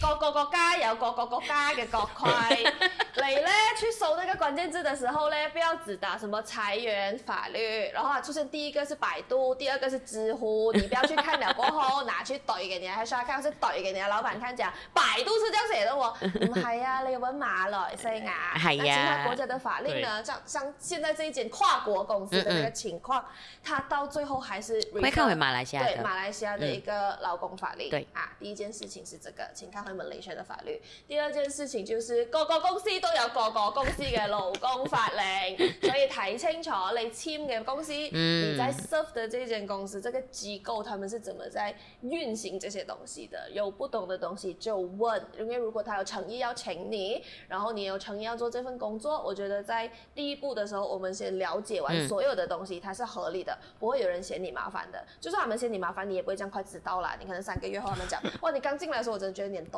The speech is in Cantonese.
各個國家有各個國家嘅國規， 你呢，去搜那個關鍵字嘅時候呢，不要只答什麼裁員法律，然後啊出現第一個是百度，第二個是知乎，你不要去看了，過 後拿去懟給你，係刷看是對給你嘅。老闆講，百度是這樣寫的。喎，唔係啊，你揾有冇馬來西亞係啊。哎、其他國家嘅法令呢？像像現在這一間跨國公司嘅一個情況，他、嗯嗯、到最後還是會看回馬來西亞，對馬來西亞嘅一個勞工法令、嗯。對啊，第一件事情是這個，請看。馬來西亞的法律，第二件事情就是各個公司都有各個公司的勞工法令， 所以睇清楚你簽嘅公司，你在 serve 的這間公司，這個機構他們是怎麼在運行這些東西的？有不懂的東西就問，因為如果他有誠意要請你，然後你有誠意要做這份工作，我覺得在第一步的時候，我們先了解完所有的東西，它是合理的，不會有人嫌你麻煩的。就算他們嫌你麻煩，你也不會這樣快知道啦。你可能三個月後，他們講，哇，你剛進來的時候，我真的覺得你都。